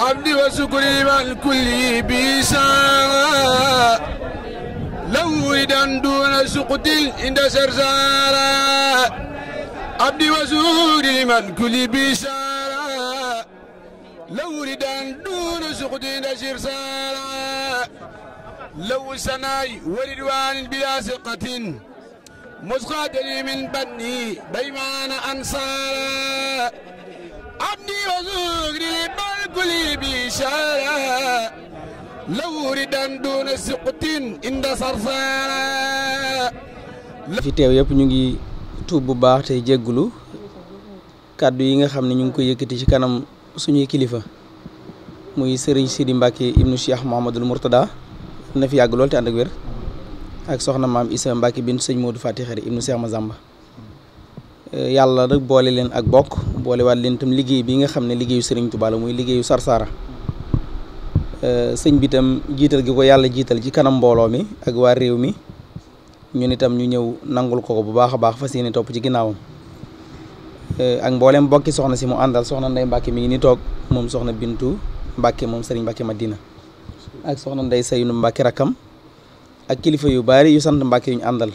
عبدي وشكري مع الكل بيسارا لو إذن دون سقط عند سرسارا عبدي وشكري مع الكل بيسارا لو إذن دون سقط عند سرسارا لو سناي وردوان بلا سقط مسقط لي من بني بيمان أنصارا عبدي وشكري مع يحب fi teew yëpp ñu ngi tuub bu baax te jéggulu kàddu yi nga xam ne ñu ngi koy yëkkati ci kanam suñuy kilifa muy sëriñ Sidi Mbacke ibnu Cheikh Mouhamadul Mourtada na fi yàgg lool te ànd ak wér ak soxna maam Issa Mbacke bin sëñ Modou Fati Xari ibnu Cheikh Mazamba Eh, yàlla rek boole leen ak bokk boolewaat leen tam liggéey bi nga xam ne liggéeyu sëriñ Tuubaa la muy liggéeyu Sarsara eh, sëñ bi itam jiital gi ko yàlla jiital ci kanam mbooloo mi ak waa réew mi ñun itam ñu ñëw nangul ko ko bu baax a baax fas yéene topp ci ginnaawam eh, ak mboolem bokki soxna si mu àndal soxna Ndey Mbàkke mi ngi ni toog moom soxna Bintu Mbàkke moom sëriñ Mbàkke dina ak soxna Ndey Saynu Mbàkke rakkam ak kilifa yu bari yu sant Mbàkke yu ñu àndal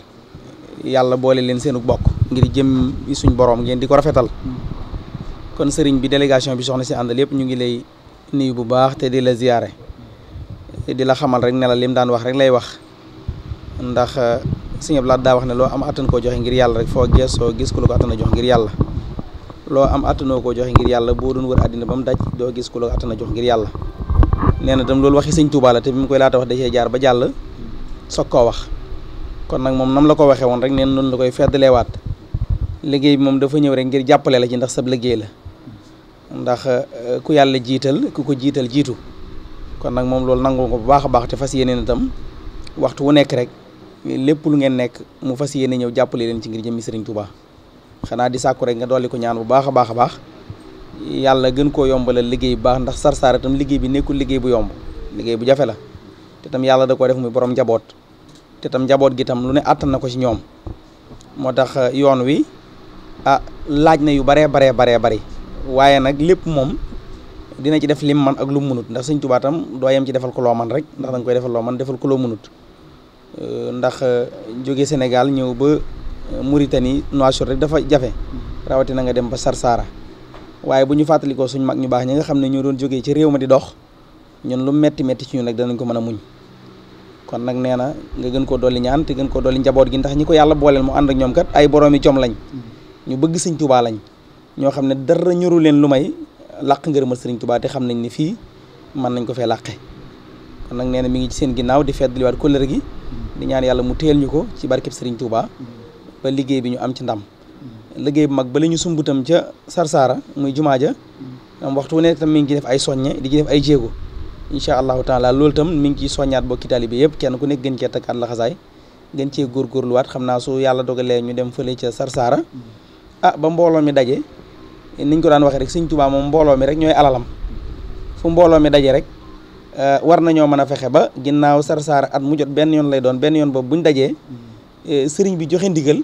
yàlla boole leen seenu bokk ngir jëm suñ borom ngeen di ko rafetal kon sëriñ bi délégation bi soxna si àndal yëpp ñu ngi lay nuyu bu baax te di la ziyaare di la xamal rek ne la lim daan wax rek lay wax ndax euh, sëñ Abdu Lahat wax ne loo am attan koo joxe ngir yàlla rek foo gees gis ku la ko jox ngir yàlla loo am attanoo koo joxe ngir yàlla boo doon wër àddina ba mu daj doo gis ku la ko attana jox ngir yàlla nee na tam loolu waxi sëñ Tuubaa la te bi mu koy laata wax da jaar ba jàll soog koo wax kon nag moom nam la ko waxee woon rek neen noonu la koy feddaleewaat liggéey bi moom dafa ñëw rek ngir jàppale la ci ndax sab liggéey la ndax euh, ku yàlla jiital ku ko jiital jiitu kon nag moom loolu nangul ko bu baax a baax te fas yéene itam waxtu wu nekk rek lépp lu ngeen nekk mu fas yéene ñëw jàppale leen ci ngir jëmmi Sëriñ Tuubaa xanaa di sàkku rek nga dolli ko ñaan bu baax a baax a baax yàlla gën koo yombalal liggéey bu baax ndax Sarsara tam liggéey bi nekkul liggéey bu yomb liggéey bu jafe la te tam yàlla da koo def muy njaboot te tam njaboot gi tam lu ne àttan na ko ci ñoom euh, wi ah laaj na yu baree baree baree bëri waaye nag lépp moom dina ci def lim man ak lu munut ndax sëñ Tuubaa doo yem ci defal ko loo man rek ndax danga koy defal loo man defal ko loo munut euh, ndax euh, jóge Sénégal ñëw ba euh, Mauritanie Nouakchott rek dafa jafe rawatina nga dem ba Sarsara waaye bu ñu fàttalikoo suñ mag ñu baax ñi nga xam ne ñu doon jógee ci réew ma di dox ñun nu metti metti ci ñu nag danañ ko mën a muñ kon nag nee na nga gën koo dolli ñaan te gën koo dolli njaboot gi ndax ñi ko yàlla booleel mu ànd ak ñoom kat ay boroomi jom lañ ñu bëgg sëñ tubaa lañ ñoo xam ne dara ñoru leen lu may làq ngërëmal sëriñ tubaa te xam nañ ne fii mën nañ ko fee làqe kon nag nee na mi ngi ci seen ginnaaw di feddaliwaat kóllëre gi di ñaan yàlla mu teel ñu ko ci barkeb sëriñ tubaa ba liggéey bi ñu am ci ndam liggéey bu mag ba la ñu sumbutam ca sarsaara muy jumaa ja am waxtu ne tam mi ngi def ay soññe di ci def ay jéego incha allahu taala loolu tam mi ngi ciy soññaat bokki taalibe yëpp kenn ku nekk gën cee takkaat laxasaay gën cee góorgóorluwaat xam naa su yàlla dogalee ñu dem fële ca sarsaara ah ba mbooloo mi daje niñ ko daan waxee rek sëñ Tuubaa mbooloo mi rek ñooy alalam fu mbooloo mi daje rek eh, war nañoo mën a fexe ba ginnaaw sar-sar at mu jot benn yoon lay doon benn yoon boobu buñ dajee eh, sëriñ bi joxe ndigal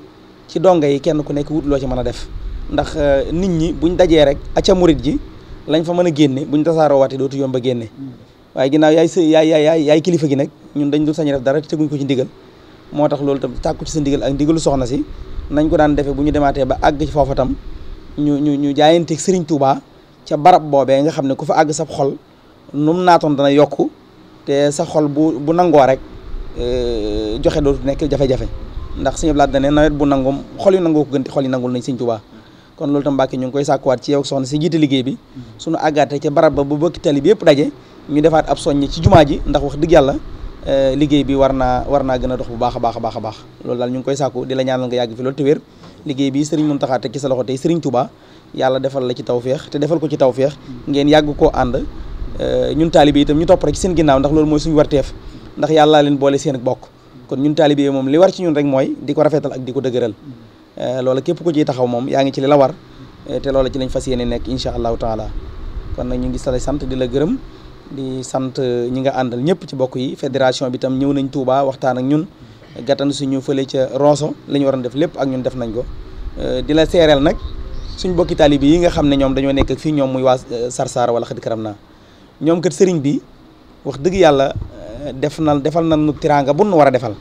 ci donga yi kenn ku nekk wut loo ci mën a def ndax eh, nit ñi buñ dajee rek acca murit ji lañ fa mën a génne buñ tasaaroo waatee dootu yomb a génne waaye ginnaaw yaay yaay yaay yaay kilifa gi nag ñun dañ dul sañ def dara teguñ ko ci ndigal moo tax loolu tam tàkku ci sa ndigal ak ndigalu soxna si nañ ko daan defee bu ñu demaatee ba àgg ci tam ñu ñu ñu jaayanteeg Serigne Touba ca barab boobee nga xam ne ku fa àgg sab xol num naatoon dana yokk te sa xol bu bu nangoo rek euh, joxe dootu nekk jafe-jafe ndax suñu laaj da ne nawet bu nangoom xol yu nangoo ko gën xol yi nangul nañ Serigne kon loolu tam Mbàkke ñu ngi koy sàkkuwaat ci yow soxna si jiite liggéey bi mm-hmm. suñu àggaatee ca barab ba bu bëkk tali bi yëpp daje ñu defaat ab soññ ci jumaa ji ndax wax dëgg yàlla Euh, liggéey bi war naa war naa gën a dox bu baax a baax a baax a baax loolu daal ñu ngi koy sàkku di la ñaanal nga yàgg fi loolu te wér liggéey bi sëriñ Mountakha teg ci sa loxo tey sëriñ Touba yàlla defal la ci tawféex te defal ko ci tawféex ngeen yàgg koo ànd euh, ñun taalibe itam ñu topp rek seen ginnaaw ndax loolu mooy suñu warteef ndax yàllaa leen boole seen bokk kon ñun taalibe moom li war ci ñun rek mooy di ko rafetal ak di ko dëgëral euh, loola képp ku ciy taxaw moom yaa ngi ci li la war te loola ci lañ yéene nekk incha allahu taala kon nag ñu ngi sala sant di la gërëm di sant ñi nga àndal ñëpp ci bokk yi fédération bi tam ñëw nañ Touba waxtaan ak ñun gàttan suñu fële ca Ronso li ñu waroon def lépp ak ñun def nañ ko euh, di la seereel nag suñ bokki taalibe yi nga xam ne ñoom dañoo nekk fii ñoom muy waa euh, Sarsara wala Xadi Karam naa ñoom kat sëriñ bi wax dëgg yàlla euh, def na defal na nu tiraanga bu nu war a defal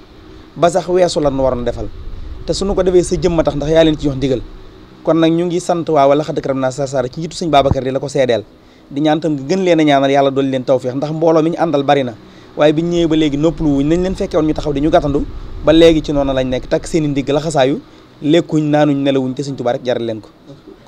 ba sax weesu la nu waroon defal te suñu ko defee sa jëmma tax ndax yaa leen ci jox ndigal kon nag ñu ngi sant waa wala Xadi Karam naa Sarsara ci njiitu suñ Babacar di la ko seedeel di ñaan tam nga gën leen a ñaanal yàlla dool leen tawféex ndax mbooloo mi ñu àndal bari na waaye biñ ñëwee ba léegi noppalu wuñ nañ leen fekke woon ñu taxaw di ñu gàttandu ba léegi ci noonu lañ nekk takk seen i ndigg laxasaayu te sëñ Tuubaa rek jaral leen ko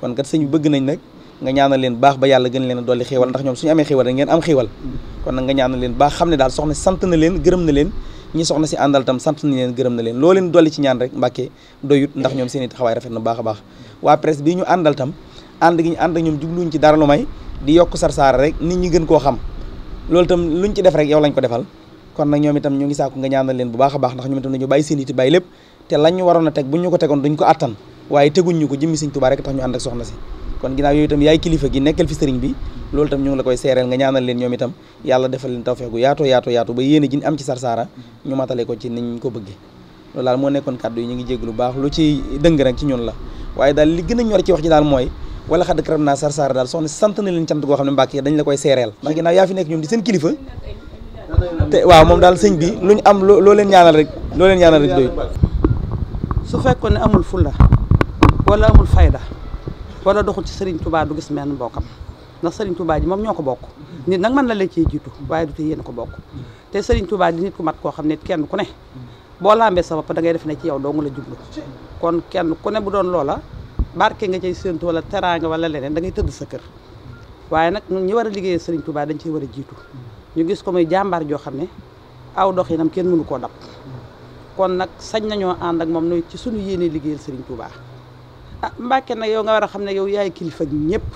kon kat sëñ bëgg nañ nag nga ñaanal leen baax ba yàlla gën leen a dolli xéewal ndax ñoom suñu amee xéewal rek ngeen am leen baax xam ne daal soxna sant na leen gërëm na leen ñi soxna si àndal tam sant nañ leen gërëm na leen loo leen dolli ci ñaan rek mbàkkee doyut ndax ñoom seen i taxawaay rafet na baax a baax waa presse ñu àndal tam ànd gi ñu ànd ak ñoom jubluñ ci dara lu may di yokk Sarsara rek nit ñi gën koo xam loolu tam lu ñu ci def rek yow lañ ko defal kon nag ñoom itam ñu ngi sàkku nga ñaanal leen bu baax baax ndax ñoom itam dañu bàyyi seen iti bàyyi lépp te lañ ñu waroon a teg buñ ñu ko ñu ko jëmmi Sëriñ Tuubaa rek tax ñu ànd ak soxna si kon ginnaaw yooyu itam bi loolu itam ñu ngi la koy leen ñoom itam yàlla defal leen tawfeex gu yaatu yaatu yaatu ba ko ci ko bëggee loolu daal moo nekkoon kàddu yi ñu ngi jégg lu baax lu ci dëng rek ci ñun la waaye daal li gën a ñor ci wax ji daal mooy wala xadd karam naa sar daal soxna sant na leen cant goo xam ne Mbàkke dañ la koy seereel ndax ginnaaw yaa fi nekk ñoom di seen kilifa te waaw moom daal sëñ bi lu ñu am loo leen ñaanal rek loo leen ñaanal rek doy su fekkoon ne amul fulla wala amul fayda wala doxul ci sëriñ Touba du gis menn mbokkam ndax Serigne Touba ji moom ñoo ko bokk nit nag mën na la cee jiitu waaye du te yéen ko bokk te Serigne Touba di nit ku mat koo xam ne kenn ku ne boo lambee sa bopp da def ne ci yow doo nga la jublu kon kenn ku ne bu doon loola barke nga cay séentu wala teraanga wala leneen da ngay tëdd sa kër waaye nag ñun ñi war a liggéeyee Sëriñ Tuubaa dañ ciy war a jiitu ñu gis ko muy jàmbaar joo xam ne aw doxinam kenn mënu koo dab kon nag sañ nañoo ànd ak moom nu ci suñu yéene liggéeyal Sëriñ Tuubaa ah Mbàkke nag yow nga war a xam ne yow yaay kilifa ñëpp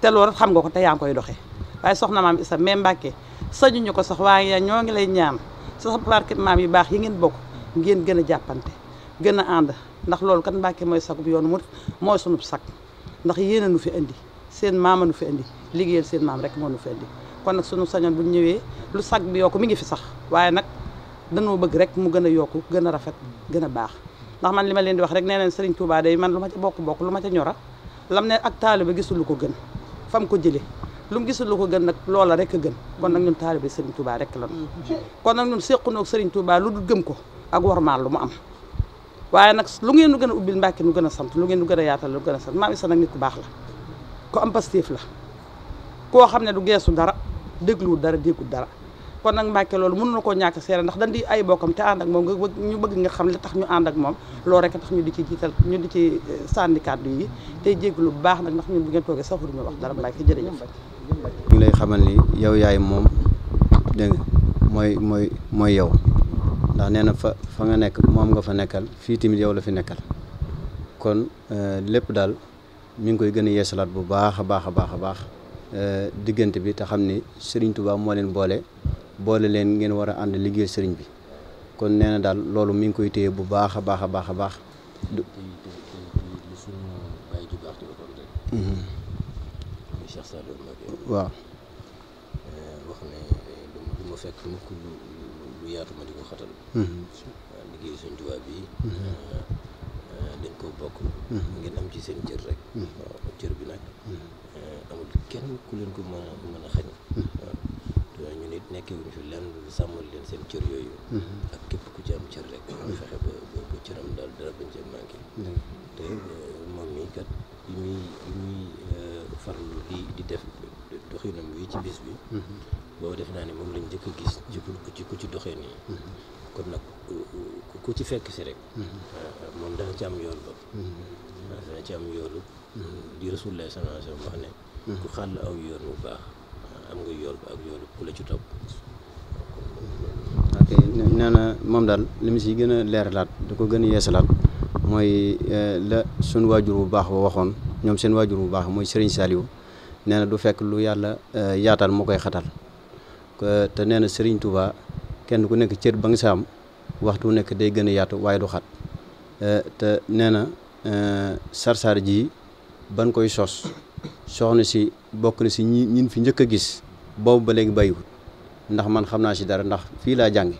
te loolu xam nga ko te yaa ngi koy doxee waaye soxna maam Isa mais Mbàkke sañuñu ko sax waaye ñoo ngi lay ñaan sa sa maam yu baax yi ngeen bokk ngeen gën a jàppante gën a ànd ndax loolu kan Mbàkke mooy sagub yoonu murit mooy sunub sag ndax yéen nu fi indi seen maama nu fi indi liggéeyal seen maam rek moo nu fi indi kon nag sunu sañoon bu ñëwee lu sag bi yokku mi ngi fi sax waaye nag danoo bëgg rek mu gën a yokk gën a rafet gën a baax ndax man li ma leen di wax rek nee neen Serigne Touba day man lu ma ca bokk-bokk lu ma ca ñora lam ne ak taaliba gisul lu ko gën fam ko jëlee lu mu gisul lu ko gën nag loola rek a gën kon nag ñun taaliba Serigne Touba rek la mm-hmm. kon nag ñun séqunoo Serigne Touba lu gëm ko ak warmaal lu mu am waaye nag lu ngeen nu gën a ubbil Mbàkke nu gën a sant lu ngeen nu gën a yaatal lu gën a sant maam Issa nag nit ku baax la ko am pastéef la koo xam ne du geesu dara dégluwul dara déggul dara kon nag Mbàkke loolu mënu na koo ñàkk seere ndax dañ di ay bokkam te ànd ak moom nga ñu bëgg nga xam li tax ñu ànd ak moom loolu rek tax ñu di ci jiital ñu di ci eh, sànni kàddu yi tey jéglu bu baax nag ndax ñun bu ngeen toogee saxul ñu wax dara Mbàkke jërëjëf ñu lay xamal ni yow yaay moom dégg mooy mooy mooy yow ndax nee na fa fa nga nekk moom nga fa nekkal fii tamit yow la fi nekkal kon euh, lépp daal mi ngi koy gën a yeesalaat bu baax a baax a baax a baax euh, diggante bi te xam ni sëriñ Touba moo leen boole boole leen ngeen war a ànd liggéey sëriñ bi kon nee na daal loolu mi ngi koy téye bu baax a baax a baax a baax. Mhm. waaw. Euh, wax lu yaatu ma di ko xatal mhm. waaw liggéey suñ tubaab bi mhm. euh, euh, dañ koo bokk mhm. mu ngeen am ci seen cër rek waaw cër bi nag euh, amul kenn ku leen ko mën a mën a xañ waaw ñu nit nekkewuñ fi lenn sàmmal leen seen cër yooyu ak képp ku ci am cër rek am fexe ba ba cëram daal dara bañ ci manqué te moom mii kat li muy li muy di di def doxinam wi ci bis bi boobu def naa ne moom lañ njëkk a gis jubul ku ci ku ci doxee nii kon nag ku ci fekk si rek moom dana ci am yoolu bopp dana ci am yoolu di rasulullah sallallahu alayhi wa sallam wax ne ku xàll aw yoon bu baax am nga yool ak yoolu ku la ci topp ok nee na moom daal li mu si gën a leeralaat da ko gën a yeesalaat mooy eh, la suñ waajur bu baax ba waxoon ñoom seen waajur bu baax mooy Serigne Saliou nee na du fekk lu yàlla eh, yaatal moo koy xatal te nee na Serigne Touba kenn ku nekk cër ba nga saam waxtu nekk day gën a yaatu waaye du xat eh, te nee na eh, sarsar ji ban koy sos soxna si bokk na si ñu ñin fi njëkk a gis boobu ba léegi bàyyiwut ndax man xam naa si dara ndax fii laa jànge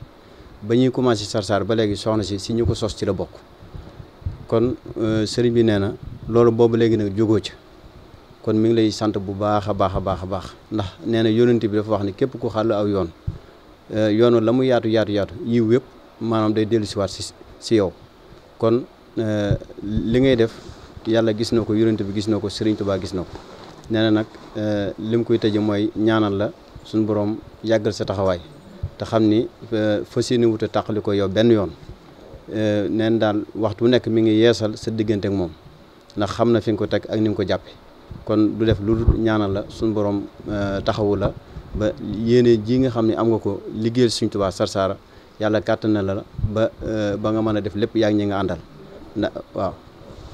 ba ñuy commencé sarsar ba léegi soxna si si ñu ko sos ci la bokk kon eh, sëriñ bi nee na loolu boobu léegi nag jógoo ca kon mu ngi lay sant bu baax a baax a baax a baax ndax nee na yonent bi dafa wax ne képp ku xàll aw yoon eh, yoon la mu yaatu yaatu yaatu yiw yëpp maanaam day dellu siwaat si si yow kon eh, li ngay def yàlla gis na ko yonent bi gis na ko Sëriñ baa gis na ko nee na nag eh, li mu koy tëje mooy ñaanal la suñu borom yàggal sa taxawaay te xam ni fas yéene wut a tàqali ko yow benn yoon neen daal waxtu nekk mi ngi yeesal sa diggante ak moom ndax xam na fi nga ko teg ak ni nga ko jàppe kon du def lu ñaanal la suñ borom euh, taxawu la ba yéene ji nga xam ne am nga ko liggéeyal Sëriñ Tuubaa Sarsara yàlla kàttan na la ba euh, ba nga mën a def lépp yaa ñi nga àndal na waaw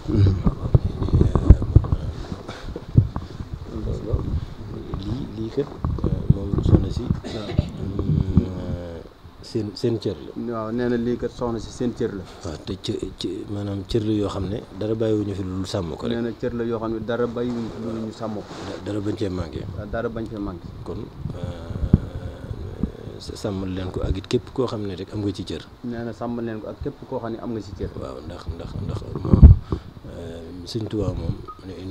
seen seen cër la. waaw nee na lii kat soxna si seen cër la. waaw te ci ci maanaam cër la yoo xam ne dara bàyyiwuñu fi lu sàmm ko rek. nee na cër la yoo xam ne dara bàyyiwuñu fi lu ñu sàmm bañ cee manqué. dara bañ cee manqué. kon euh, sàmmal leen ko ak it képp koo xam ne rek am nga ci cër. nee na sàmmal leen ak képp koo xam ne am nga ci cër. waaw ndax ndax ndax moom euh, sëñ Tuubaa moom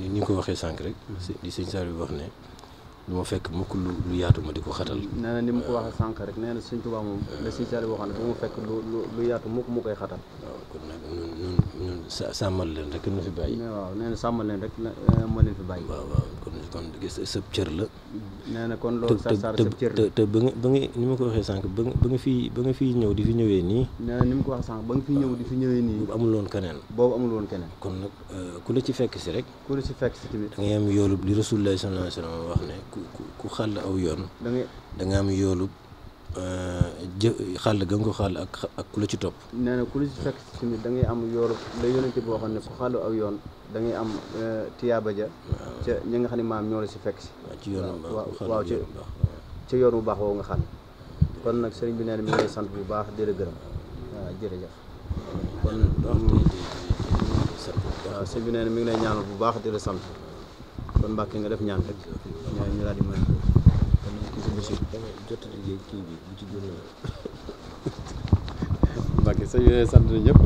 ni ñu ko waxee sànq rek. Mm. di sëñ Saliou wax ne. lu ma fekk mukk lu yaatu ma di ko xatal. nee na ni mu waxee sànq rek nee na Sëñ Tuubaa moom la Sëñ Saaliw mu fekk lu lu yaatu mukk mu koy xatal. waaw kon sàmmal leen rek ñu fi bàyyi. waaw nee na sàmmal leen rek moo leen fi bàyyi. waaw kon kon gis sëb cër la. nee na kon loolu sax sax sëb cër te te ba nga ba nga ko waxee sànq ba ba nga fii ba nga fii ñëw di fi ñëwee nii. nee ni mu ko waxee sànq ba nga fii ñëw di fi ñëwee nii. boobu amul woon keneen. boobu amul woon keneen. kon nag euh, ku la ci fekk si rek. ku la ci fekk si tamit. da ngay am yoolu li Rasulullah sallallahu alayhi wa sallam wax ne ku ku aw yoon dangay nga am yoolu euh, jë xàll ga nga ko xàll ak ak ku la ci topp nee na ku la ci fekk tamit da ngay am yoolub la yonente boo xam ne ku xàll aw yoon dangay am euh, tiyaaba ja ca ñi nga xam ne maam ñoo la ci fekk si ci yoon waaw ci ca yoon bu baax woowu nga xàll kon nag sëriñ bi nee mi ngi sant bu baax di la gërëm waaw jërëjëf kon waaw sëriñ bi nee mi ngi lay ñaanal bu baax di la sant kon Mbàkke nga def ñaan rek ñaan ñu daal di mën Mbàkke sa yooyu sant na ñëpp